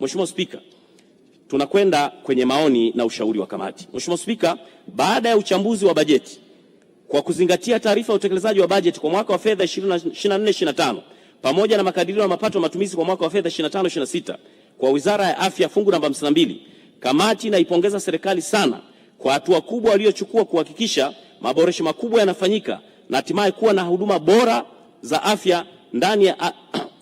Mheshimiwa Spika, tunakwenda kwenye maoni na ushauri wa kamati. Mheshimiwa Spika, baada ya uchambuzi wa bajeti kwa kuzingatia taarifa ya utekelezaji wa bajeti kwa mwaka wa fedha 2024/2025 pamoja na makadirio ya mapato matumizi kwa mwaka wa fedha 2025/2026 kwa Wizara ya Afya fungu namba 52, kamati inaipongeza serikali sana kwa hatua kubwa waliochukua kuhakikisha maboresho makubwa yanafanyika na hatimaye kuwa na huduma bora za afya ndani ya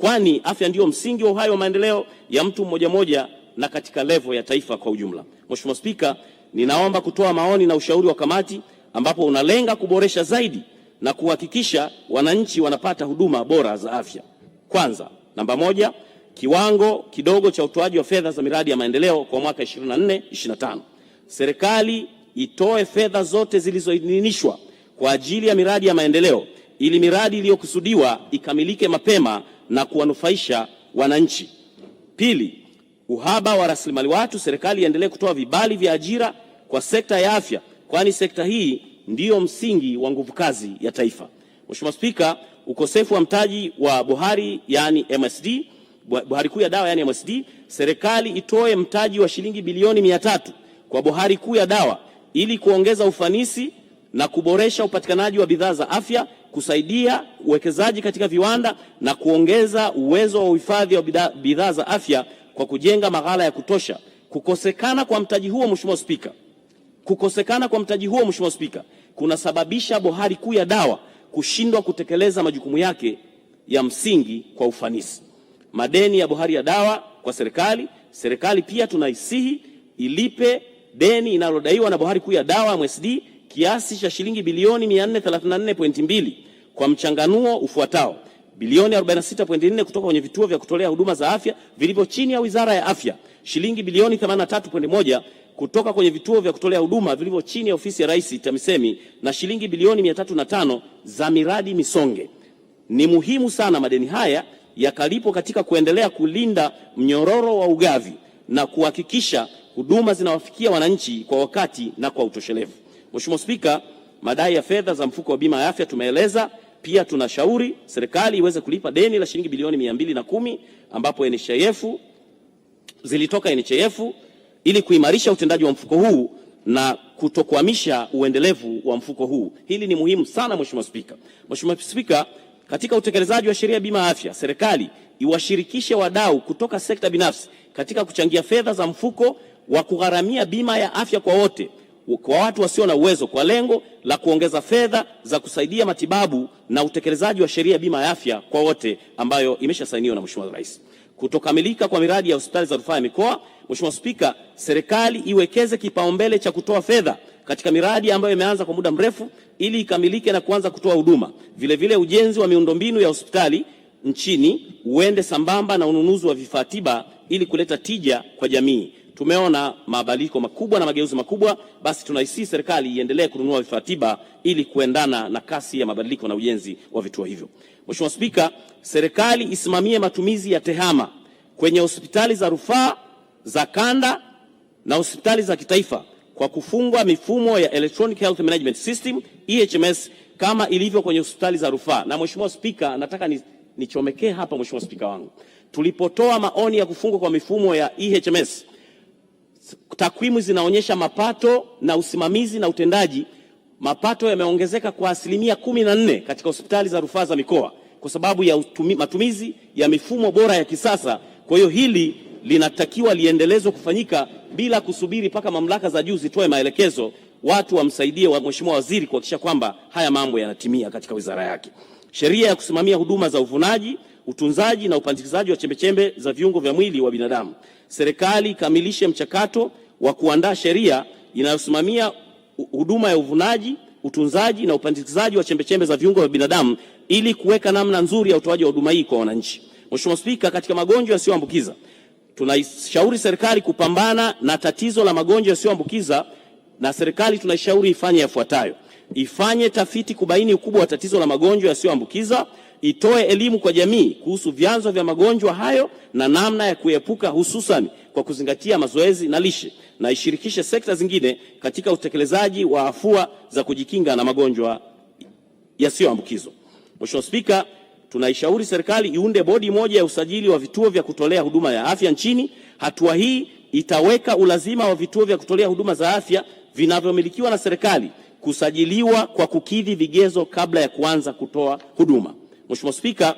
kwani afya ndiyo msingi wa uhai wa maendeleo ya mtu mmoja mmoja na katika levo ya taifa kwa ujumla. Mheshimiwa Spika, ninaomba kutoa maoni na ushauri wa kamati ambapo unalenga kuboresha zaidi na kuhakikisha wananchi wanapata huduma bora za afya. Kwanza, namba moja, kiwango kidogo cha utoaji wa fedha za miradi ya maendeleo kwa mwaka 24 25. Serikali itoe fedha zote zilizoidhinishwa kwa ajili ya miradi ya maendeleo ili miradi iliyokusudiwa ikamilike mapema na kuwanufaisha wananchi. Pili, uhaba wa rasilimali watu, serikali iendelee kutoa vibali vya ajira kwa sekta ya afya, kwani sekta hii ndiyo msingi wa nguvu kazi ya taifa. Mheshimiwa Spika, ukosefu wa mtaji wa bohari yani MSD, bohari kuu ya dawa yani MSD, serikali itoe mtaji wa shilingi bilioni mia tatu kwa bohari kuu ya dawa ili kuongeza ufanisi na kuboresha upatikanaji wa bidhaa za afya kusaidia uwekezaji katika viwanda na kuongeza uwezo wa uhifadhi wa bidhaa za afya kwa kujenga maghala ya kutosha. Kukosekana kwa mtaji huo, Mheshimiwa Spika, kukosekana kwa mtaji huo Mheshimiwa Spika kunasababisha bohari kuu ya dawa kushindwa kutekeleza majukumu yake ya msingi kwa ufanisi. Madeni ya bohari ya dawa kwa serikali, serikali pia tunaisihi ilipe deni inalodaiwa na bohari kuu ya dawa MSD kiasi cha shilingi bilioni 434.2 kwa mchanganuo ufuatao: bilioni 46.4 kutoka kwenye vituo vya kutolea huduma za afya vilivyo chini ya Wizara ya Afya, shilingi bilioni 83.1 kutoka kwenye vituo vya kutolea huduma vilivyo chini ya Ofisi ya Rais TAMISEMI, na shilingi bilioni 305 za miradi misonge. Ni muhimu sana madeni haya yakalipo katika kuendelea kulinda mnyororo wa ugavi na kuhakikisha huduma zinawafikia wananchi kwa wakati na kwa utoshelevu. Mheshimiwa Spika, madai ya fedha za mfuko wa bima ya afya tumeeleza pia tunashauri serikali iweze kulipa deni la shilingi bilioni mia mbili na kumi ambapo NHIF zilitoka NHIF ili kuimarisha utendaji wa mfuko huu na kutokwamisha uendelevu wa mfuko huu. Hili ni muhimu sana Mheshimiwa Spika. Mheshimiwa Spika, katika utekelezaji wa sheria ya bima ya afya, serikali iwashirikishe wadau kutoka sekta binafsi katika kuchangia fedha za mfuko wa kugharamia bima ya afya kwa wote kwa watu wasio na uwezo kwa lengo la kuongeza fedha za kusaidia matibabu na utekelezaji wa sheria bima ya afya kwa wote ambayo imeshasainiwa na Mheshimiwa Rais. Kutokamilika kwa miradi ya hospitali za rufaa ya mikoa. Mheshimiwa Spika, serikali iwekeze kipaumbele cha kutoa fedha katika miradi ambayo imeanza kwa muda mrefu ili ikamilike na kuanza kutoa huduma. Vilevile, ujenzi wa miundombinu ya hospitali nchini uende sambamba na ununuzi wa vifaa tiba ili kuleta tija kwa jamii tumeona mabadiliko makubwa na mageuzi makubwa, basi tunaisii serikali iendelee kununua vifaa tiba ili kuendana na kasi ya mabadiliko na ujenzi wa vituo hivyo. Mheshimiwa Spika, serikali isimamie matumizi ya tehama kwenye hospitali za rufaa za kanda na hospitali za kitaifa kwa kufungwa mifumo ya Electronic Health Management System EHMS kama ilivyo kwenye hospitali za rufaa. Na Mheshimiwa Spika, nataka nichomekee ni hapa Mheshimiwa Spika wangu, tulipotoa maoni ya kufungwa kwa mifumo ya EHMS takwimu zinaonyesha mapato na usimamizi na utendaji, mapato yameongezeka kwa asilimia kumi na nne katika hospitali za rufaa za mikoa kwa sababu ya utumi, matumizi ya mifumo bora ya kisasa. Kwa hiyo hili linatakiwa liendelezwe kufanyika bila kusubiri mpaka mamlaka za juu zitoe maelekezo. Watu wamsaidie wa mheshimiwa waziri kuhakikisha kwamba haya mambo yanatimia katika wizara yake. Sheria ya kusimamia huduma za uvunaji utunzaji na upandikizaji wa chembechembe za viungo vya mwili wa binadamu, serikali ikamilishe mchakato wa kuandaa sheria inayosimamia huduma ya uvunaji, utunzaji na upandikizaji wa chembechembe za viungo vya binadamu ili kuweka namna nzuri ya utoaji wa huduma hii kwa wananchi. Mheshimiwa Spika, katika magonjwa yasiyoambukiza tunaishauri serikali kupambana na tatizo la magonjwa yasiyoambukiza na serikali tunaishauri ifanye yafuatayo ifanye tafiti kubaini ukubwa wa tatizo la magonjwa yasiyoambukiza, itoe elimu kwa jamii kuhusu vyanzo vya magonjwa hayo na namna ya kuepuka, hususan kwa kuzingatia mazoezi na lishe, na ishirikishe sekta zingine katika utekelezaji wa afua za kujikinga na magonjwa yasiyoambukizwa. Mheshimiwa Spika, tunaishauri serikali iunde bodi moja ya usajili wa vituo vya kutolea huduma ya afya nchini. Hatua hii itaweka ulazima wa vituo vya kutolea huduma za afya vinavyomilikiwa na serikali kusajiliwa kwa kukidhi vigezo kabla ya kuanza kutoa huduma. Mheshimiwa Spika,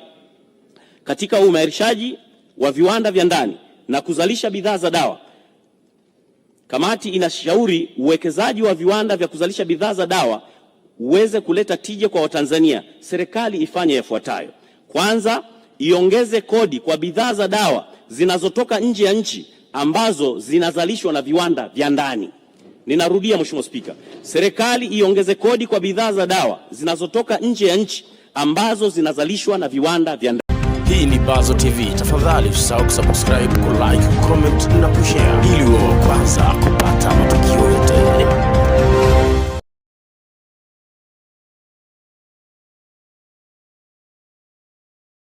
katika umairishaji wa viwanda vya ndani na kuzalisha bidhaa za dawa, kamati inashauri uwekezaji wa viwanda vya kuzalisha bidhaa za dawa uweze kuleta tija kwa Watanzania. Serikali ifanye yafuatayo: kwanza, iongeze kodi kwa bidhaa za dawa zinazotoka nje ya nchi ambazo zinazalishwa na viwanda vya ndani. Ninarudia Mheshimiwa Spika, serikali iongeze kodi kwa bidhaa za dawa zinazotoka nje ya nchi ambazo zinazalishwa na viwanda vya ndani. Hii ni Bazo TV. Tafadhali usisahau kusubscribe, kulike, comment na kushare ili uwe wa kwanza